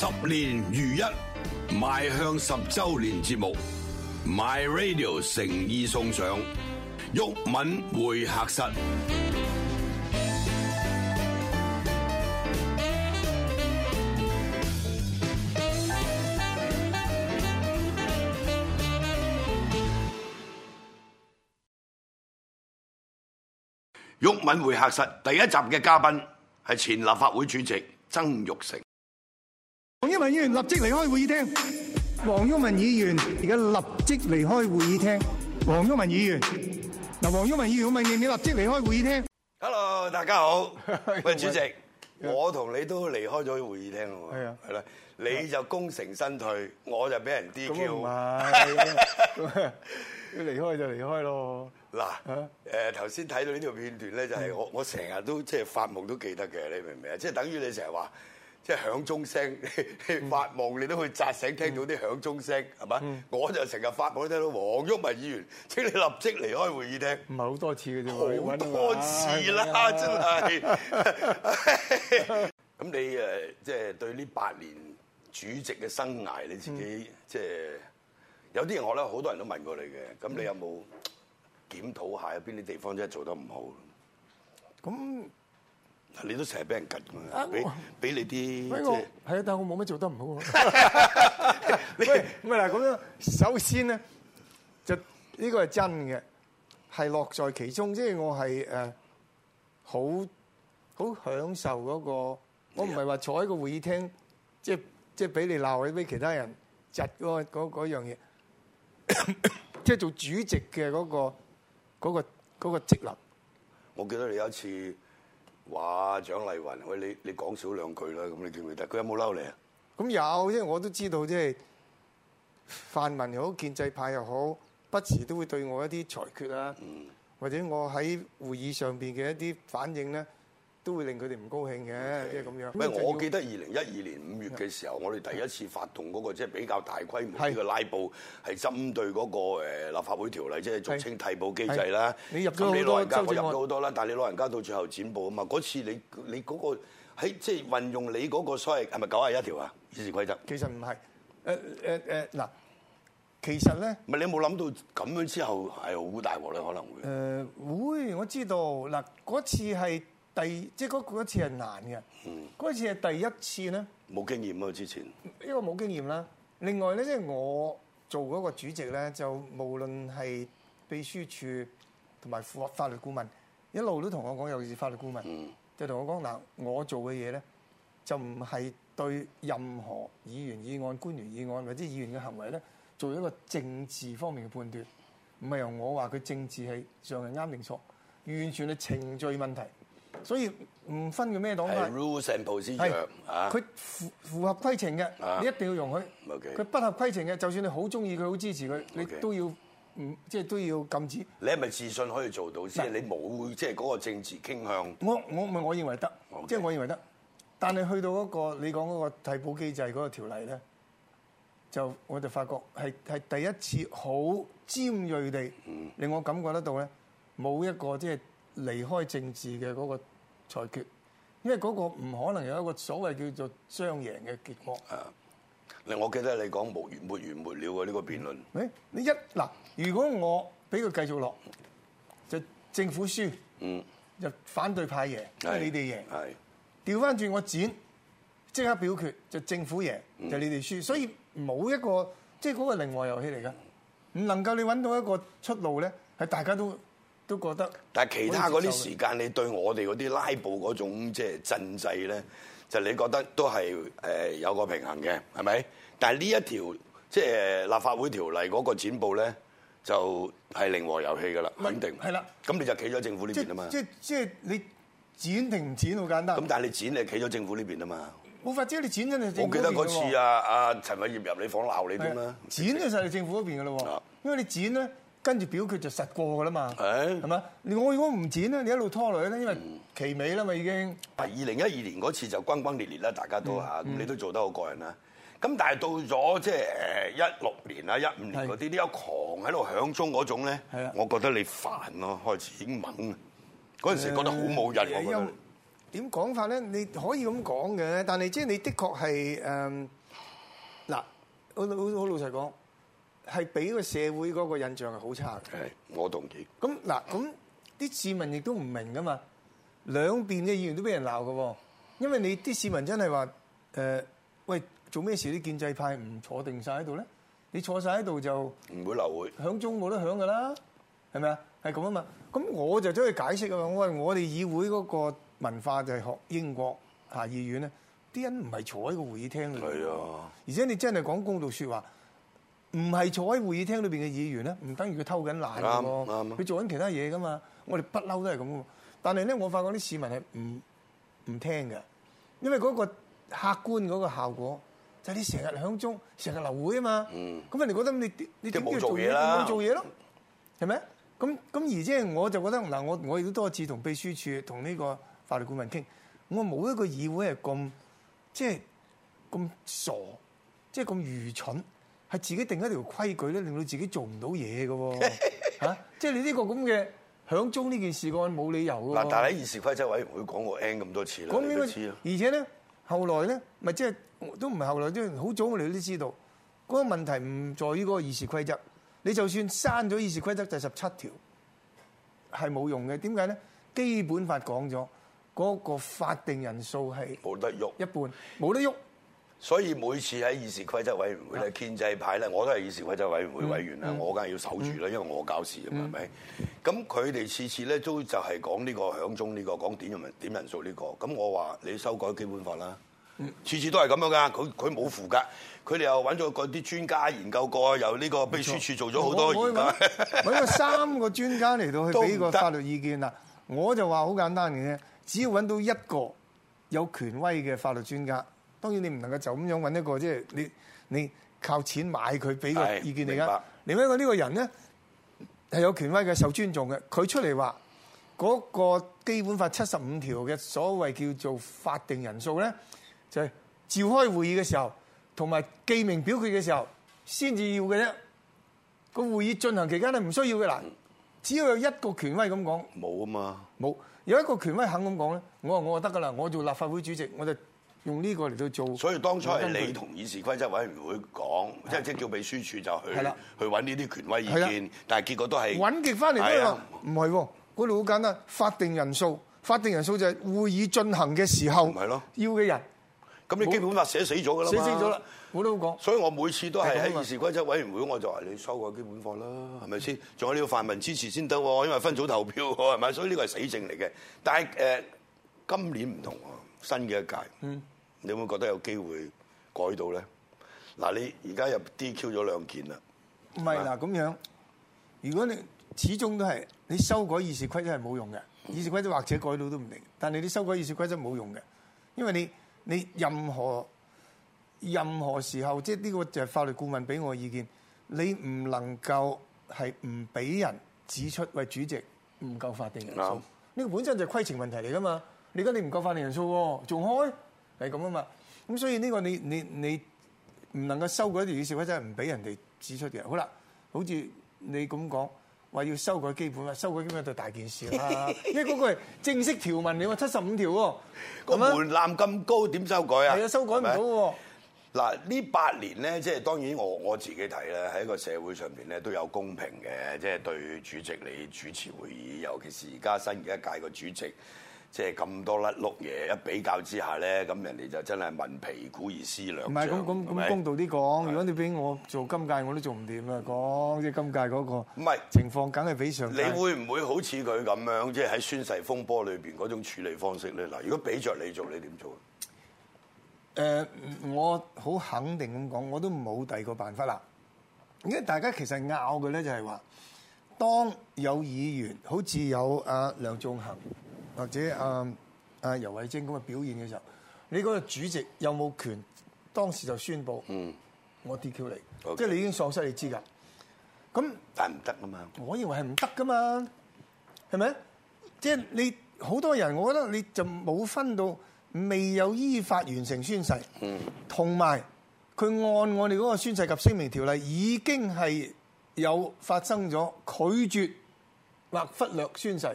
十年如一，邁向十周年節目，My Radio 誠意送上《毓民會客室》。《毓民會客室》第一集嘅嘉賓係前立法會主席曾鈺成。議員立即離開會議廳。黃毓民議員，而家立即離開會議廳。黃毓民議員，嗱，黃毓民議員，唔係唔係立即離開會議廳？Hello，大家好。喂，主席，我同你都離開咗會議廳咯。係啊，係啦，你就功成身退，我就俾人 DQ。咁唔係，要離開就離開咯。嗱，誒，頭先睇到呢條片段咧，就係我我成日都即係發夢都記得嘅，你明唔明啊？即係等於你成日話。即係響鐘聲， 你發夢、嗯、你都可以扎醒，聽到啲響鐘聲，係嘛、嗯？是吧我就成日發夢都聽到黃毓民議員，請你立即離開會議廳。唔係好多次嘅啫，好多次啦，啊、真係。咁 你誒，即、就、係、是、對呢八年主席嘅生涯，你自己即係、嗯就是、有啲同學咧，好多人都問過你嘅，咁你有冇檢討下有邊啲地方真係做得唔好？咁、嗯。嗱，你都成日俾人拮㗎，俾俾、啊、你啲，係啊、就是，但我冇乜做得唔好咯。喂，咁啊，首先咧，就呢、這個係真嘅，係樂在其中，即、就、係、是、我係誒好好享受嗰、那個。我唔係話坐喺個會議廳，啊、即係即係俾你鬧起俾其他人窒嗰樣嘢，即係 做主席嘅嗰、那個嗰、那個那個職能。我記得你有一次。話蔣麗芸，喂，你你講少兩句啦，咁你記唔記得？佢有冇嬲你啊？咁有、嗯，因為我都知道即係泛民又好建制派又好，不時都會對我一啲裁決啦，或者我喺會議上邊嘅一啲反應咧，都會令佢哋唔高興嘅，即係咁樣。唔係？我記得二零一二年五月嘅時候，我哋第一次發動嗰個即係比較大規模呢個拉布，係針對嗰個誒立法會條例，即係俗稱替補機制啦。你入咗好多，我入咗好多啦。但係你老人家到最後剪布啊嘛。嗰次你你嗰個喺即係運用你嗰個所謂係咪九廿一條啊？議事規則其實唔係誒誒誒嗱，其實咧唔係你有冇諗到咁樣之後係好大鑊咧，可能會誒會我知道嗱嗰次係。第即係嗰一次係難嘅，嗰次係第一次咧，冇經驗啊。之前呢個冇經驗啦。另外咧，即係我做嗰個主席咧，就無論係秘書處同埋符合法律顧問一路都同我講，尤其是法律顧問，嗯，就同我講嗱、呃，我做嘅嘢咧就唔係對任何議員議案、官員議案或者議員嘅行為咧做一個政治方面嘅判斷，唔係由我話佢政治係上係啱定錯，完全係程序問題。所以唔分佢咩黨派，係 rules and procedure，佢符符合規程嘅，啊、你一定要容許。佢 okay, 不合規程嘅，就算你好中意佢，好支持佢，okay，你都要唔即係都要禁止。你係咪自信可以做到先？是你冇即係嗰個政治傾向。我我唔係，我認為得，即係 okay, 我認為得。但係去到嗰、嗰個你講嗰個替補機制嗰個條例咧，就我就發覺係係第一次好尖鋭地令我感覺得到咧，冇一個即係。即係離開政治嘅嗰個裁決，因為嗰個唔可能有一個所謂叫做雙贏嘅結果。誒，嗱，我記得你講沒完沒完沒了喎呢、呢個辯論。誒、嗯，你一嗱，如果我俾佢繼續落，就政府輸，嗯，就反對派贏，即係是你哋贏，係調翻轉我剪，即刻表決就政府贏，就你哋輸，嗯、所以冇一個即係嗰個零和遊戲嚟噶，唔能夠你揾到一個出路咧，係大家都。都覺得，但係其他嗰啲時間，的你對我哋嗰啲拉布嗰種即係鎮制咧，就你覺得都係誒有個平衡嘅，係咪？但係呢一條即係立法會條例嗰個剪布咧，就係、是、零和遊戲㗎啦，穩定係啦。咁你就企咗政府呢邊啊嘛。即即即係你剪定唔剪好簡單。咁但係你剪，你企咗政府呢邊啊嘛。冇法子，你剪真你。我記得嗰次啊，阿的陳偉業入你房鬧你添啦，剪就係你政府嗰邊㗎啦。的因為你剪咧。跟住表決就實過噶啦嘛，係嘛、欸？我如果唔剪咧，你一路拖累咧，因為期尾啦嘛已經嘛。嗱、嗯，二零一二年嗰次就轟轟烈烈啦，大家都話，嗯、你都做得好過癮啦。咁、嗯、但係到咗即係誒一六年啊、一五年嗰啲，啲一的狂喺度響鐘嗰種咧，的我覺得你煩咯，開始已經猛。嗰陣時候覺得好冇癮，呃、我覺點講、呃嗯、法咧？你可以咁講嘅，但係即係你的確係誒嗱，好好好，好老實講。係俾個社會嗰個印象係好差嘅，係我同意。咁嗱，咁啲市民亦都唔明噶嘛，兩邊嘅議員都俾人鬧嘅喎，因為你啲市民真係話誒，喂，做咩事啲建制派唔坐定晒喺度咧？你坐晒喺度就唔會流會，響鐘冇得響嘅啦，係咪啊？係咁啊嘛。咁我就將去解釋啊嘛，我話我哋議會嗰個文化就係學英國下議院咧，啲人唔係坐喺個會議廳嚟。係啊的，而且你真係講公道説話，唔係坐喺會議廳裏邊嘅議員咧，唔等於佢偷緊懶，啱佢做緊其他嘢噶嘛？我哋不嬲都係咁喎。但係咧，我發覺啲市民係唔唔聽嘅，因為嗰個客觀嗰個效果就係你成日響鐘，成日流會啊嘛。嗯。咁人哋覺得你你點叫做嘢啦？做嘢咯，係咪？咁咁而即係我就覺得嗱，我我亦都多次同秘書處同呢個法律顧問傾，我冇一個議會係咁即係咁傻，即係咁愚蠢。係自己定一條規矩咧，令到自己做唔到嘢嘅喎，即係你呢個咁嘅響鐘呢件事案，冇理由㗎，但係喺議事規則委員會講過 n 咁多次啦，多次啦。而且咧，後來咧，咪即係都唔係後來，都好早，我哋都知道嗰個問題唔在於嗰個議事規則。你就算刪咗議事規則就係十七條，係冇用嘅。點解咧？基本法講咗嗰個法定人數係冇得喐，一半冇得喐。所以每次喺議事規則委員會咧，建制派咧，我都係議事規則委員會委員咧，嗯、我梗係要守住啦，因為我搞事啊嘛，係咪、嗯？咁佢哋次次咧都就係講呢個響鐘呢個講點人點人數呢、這個，咁我話你修改基本法啦，次、嗯、次都係咁樣噶，佢佢冇符噶，佢哋又搵咗嗰啲專家研究過，由呢個秘書處做咗好多研究，搵咗 三個專家嚟到去俾個法律意見啊，我就話好簡單嘅啫，只要搵到一個有權威嘅法律專家。當然你唔能夠就咁樣揾一個，即係你你靠錢買佢俾個意見你噶。另外一個呢個人咧係有權威嘅、受尊重嘅。佢出嚟話嗰個基本法七十五條嘅所謂叫做法定人數咧，就係召開會議嘅時候，同埋記名表決嘅時候先至要嘅啫。個會議進行期間咧唔需要嘅啦。只要有一個權威咁講，冇啊嘛，冇有一個權威肯咁講咧，我話我就得噶啦，我做立法會主席我就。用呢個嚟到做，所以當初係你同議事規則委員會講，是的即係即叫秘書處就去的去揾呢啲權威意見，的但係結果都係揾極翻嚟都係唔係喎。嗰度好簡單，法定人數，法定人數就係會議進行嘅時候的要嘅人。咁你基本法寫死咗㗎啦嘛，寫死咗啦，我都講。所以我每次都係喺議事規則委員會，我就話你收個基本法啦，係咪先？仲有呢個要泛民支持先得喎，因為分組投票喎，係咪？所以呢個係死症嚟嘅。但係誒、呃，今年唔同喎、啊，新嘅一屆。嗯。你有冇覺得有機會改到咧？嗱，你而家又 DQ 咗兩件啦。唔係嗱，咁、啊、樣如果你始終都係你修改議事規則係冇用嘅，議事規則或者改到都唔定，但係你修改議事規則冇用嘅，因為你你任何任何時候即係呢個就係法律顧問俾我嘅意見，你唔能夠係唔俾人指出喂，為主席唔夠法定人數。呢冇錯 個本身就係規程問題嚟噶嘛？你而家你唔夠法定人數喎，仲開？係咁啊嘛，咁所以呢個你你你唔能夠修改一條議事規則，唔俾人哋指出嘅。好啦，好似你咁講，話要修改基本法，修改基本法就大件事啦。因為嗰個正式條文你話七十五條喎，個門檻咁高點修改啊？係啊，修改唔到喎。嗱呢八年咧，即係當然我我自己睇咧，喺個社會上邊咧都有公平嘅，即係對主席你主持會議，尤其是而家新嘅一屆個主席。即係咁多甩碌嘢，一比較之下咧，咁人哋就真係聞皮鼓而思量。唔係咁咁咁公道啲講，如果你俾我做今屆，我都做唔掂啦。講即係今屆嗰個。唔係情況，梗係是比上。你會唔會好似佢咁樣，即係喺宣誓風波裏邊嗰種處理方式咧？嗱，如果俾着你做，你點做啊？呃，我好肯定咁講，我都冇第二個辦法啦。因為大家其實拗嘅咧，就係話，當有議員好似有阿梁頌恆。或者阿阿、嗯、呦游蕙禎咁嘅表現嘅時候，你嗰個主席有冇權當時就宣佈？嗯，我 DQ 你，Okay. 即係你已經喪失你資格。咁但係唔得㗎嘛？我認為係唔得㗎嘛，係咪？即係你好多人，我覺得你就冇分到未有依法完成宣誓。同埋佢按我哋嗰個宣誓及聲明條例，已經係有發生咗拒絕或忽略宣誓。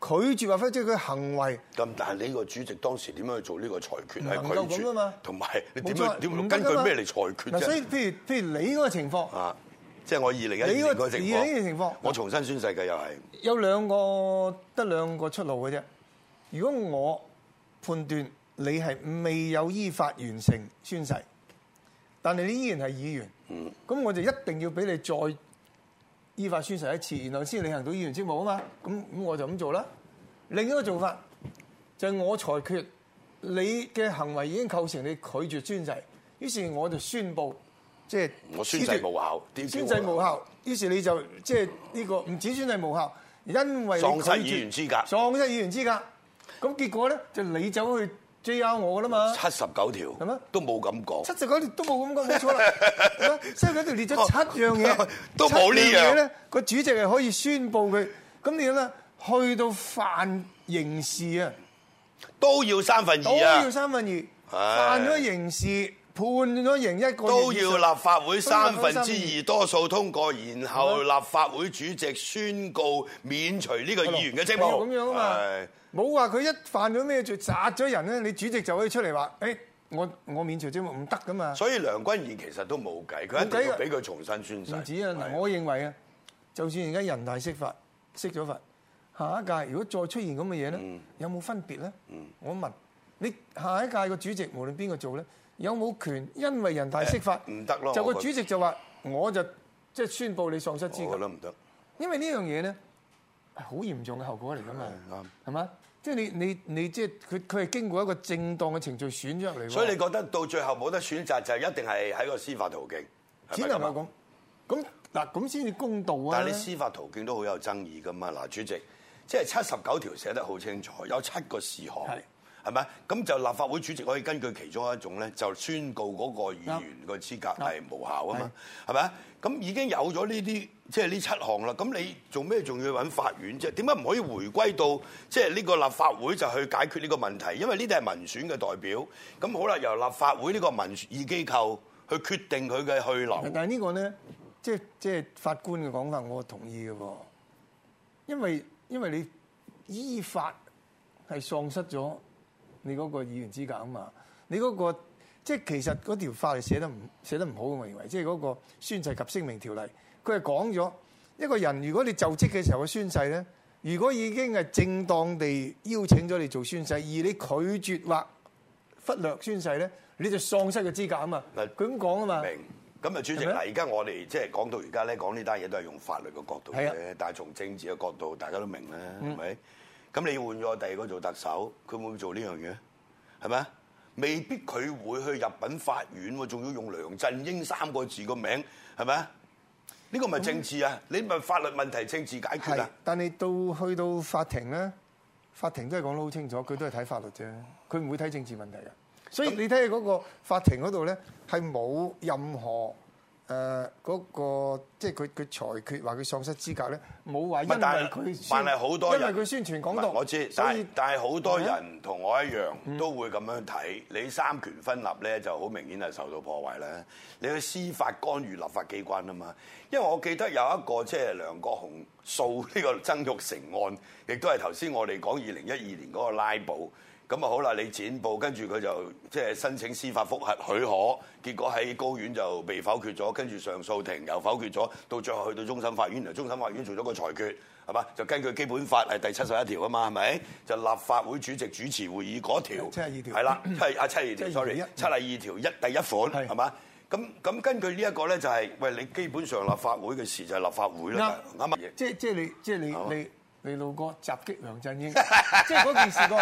拒絕，或者佢行為咁，但係你個主席當時點樣去做呢個裁決係拒絕啊嘛？同埋你點樣？點根據咩嚟裁決？即所以譬如譬如你嗰個情況，啊，即係我二零一一年個情況，情況，我重新宣誓嘅又係有兩個得兩個出路嘅啫。如果我判斷你係未有依法完成宣誓，但係你依然係議員，咁、嗯、我就一定要俾你再。依法宣誓一次，然後先履行到議員職務啊嘛，咁咁我就咁做啦。另一個做法就係我裁決你嘅行為已經構成你拒絕宣誓，於是我就宣布即係宣誓無效。拒絕宣誓無效，於是你就即係呢個唔止宣誓無效，因為喪失議員資格，喪失議員資格。咁結果咧就你走去。J R 我嘅啦嘛，七十九條，係咩嗎？都冇咁講，七十九條都冇咁講，冇錯啦，係咩？ 所以嗰條列咗七樣嘢， 都冇呢樣嘢咧。個主席係可以宣佈佢，咁點咧？去到犯刑事啊，都要三分二、啊、都要三分二，的犯咗刑事。判咗刑一個月都要立法會三分之二，分之二多數通過，然後立法會主席宣告免除呢個議員嘅職務。咁樣啊嘛，冇話佢一犯咗咩罪殺咗人咧，你主席就可以出嚟話：誒、哎，我我免除職務唔得㗎嘛。所以梁君彥其實都冇計，佢一定要俾佢重新宣誓。唔止啊，是我認為啊，就算而家人大釋法釋咗法，下一屆如果再出現咁嘅嘢咧，嗯、有冇分別咧？嗯、我問你下一屆嘅主席無論邊個做咧？有冇權因為人大釋法？唔得咯！就個主席就話：我就即係宣布你喪失資格。我覺得唔得，因為這件事呢樣嘢咧，好嚴重嘅後果嚟㗎嘛。啱係嘛？即係你你你即係佢佢係經過一個正當嘅程序選咗入嚟。所以你覺得到最後冇得選擇，就一定係喺個司法途徑。是是只能夠咁咁嗱，咁先至公道啊！但係你司法途徑都好有爭議㗎嘛？嗱，主席即係七十九條寫得好清楚，有七個事項。係咪？咁就立法會主席可以根據其中一種咧，就宣告嗰個議員個資格係無效啊嘛？係咪？咁已經有咗呢啲，即係呢七項啦。咁你做咩仲要揾法院啫？點解唔可以回歸到即係呢個立法會就去解決呢個問題？因為呢啲係民選嘅代表。咁好啦，由立法會呢個民意機構去決定佢嘅去留。但，但係呢個咧，即係即係法官嘅講法，我同意嘅噃。因為因為你依法係喪失咗。你嗰個議員資格啊嘛，你嗰個即係其實嗰條法律寫得唔寫得唔好嘅，我認為即係嗰個宣誓及聲明條例，佢係講咗一個人如果你就職嘅時候嘅宣誓咧，如果已經係正當地邀請咗你做宣誓，而你拒絕或忽略宣誓咧，你就喪失咗資格啊嘛。唔係佢咁講啊嘛。明咁啊，主席嗱，而家嗎我哋即係講到而家咧，講呢單嘢都係用法律嘅角度嘅，是啊、但係從政治嘅角度，大家都明啦，係咪、嗯？咁你換咗第二個做特首，佢會唔會做呢樣嘢？係咪啊？未必佢會去入稟法院，仲要用梁振英三個字個名係咪啊？呢個唔係政治啊，那你咪法律問題政治解決啊。但係到去到法庭咧，法庭都係講得好清楚，佢都係睇法律啫，佢唔會睇政治問題啊。所以那你睇下嗰個法庭嗰度咧，係冇任何。誒嗰、呃那個即係佢佢裁決話佢喪失資格咧，冇話因為佢，但係好多人，因為佢宣傳港獨，我知所以所以但，但係但係好多人同我一樣都會咁樣睇，你三權分立咧，就好明顯係受到破壞咧。你去司法干預立法機關啊嘛，因為我記得有一個即係、就是、梁國雄訴呢個曾鈺成案，亦都係頭先我哋講二零一二年嗰個拉布。咁啊好啦，你展報，跟住佢就即係申請司法覆核許可，結果喺高院就被否決咗，跟住上訴庭又否決咗，到最後去到終審法院，終審法院做咗個裁決，係嘛？就根據基本法係第七十一條啊嘛，係咪？就立法會主席主持會議嗰條，係啦，係啊七,七十二條七啊二條一第一款係嘛？咁咁是根據呢一個咧，就係、是、喂，你基本上立法會嘅事就係立法會啦，啱唔啱？即即係你即你你。你老哥襲擊梁振英， 即係嗰件事個，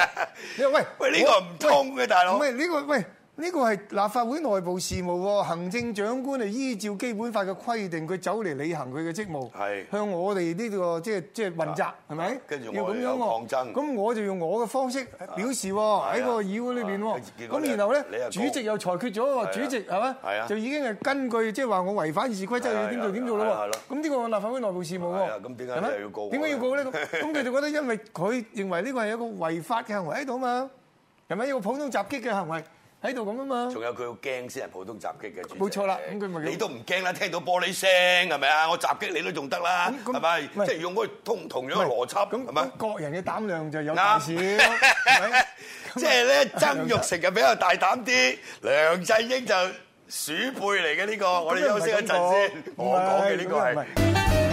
你話喂喂，呢個唔通嘅，大佬，喂，唔係呢個喂。這個不呢個係立法會內部事務喎，行政長官係依照基本法嘅規定，佢走嚟履行佢嘅職務，向我哋呢個即係即係問責，係咪？要咁樣喎，咁我就用我嘅方式表示喺個議會裏面喎，咁然後咧主席又裁決咗主席係嘛，就已經係根據即係話我違反議事規則，要點做點做咯喎，咁呢個立法會內部事務喎，係咪？點解要告呢？點解要告咧？咁佢就覺得因為佢認為呢個係一個違法嘅行為喺度嘛，係咪一個普通襲擊嘅行為喺度咁啊嘛，仲有佢要驚先係普通襲擊嘅，冇錯啦。你都唔驚啦，聽到玻璃聲係咪啊？我襲擊你都仲得啦，係咪？即係用嗰個同同樣嘅邏輯，咁唔係各人嘅膽量就有大細即係咧。曾鈺成就比較大膽啲，梁振英就鼠輩嚟嘅呢個。我哋休息一陣先，我講嘅呢個係。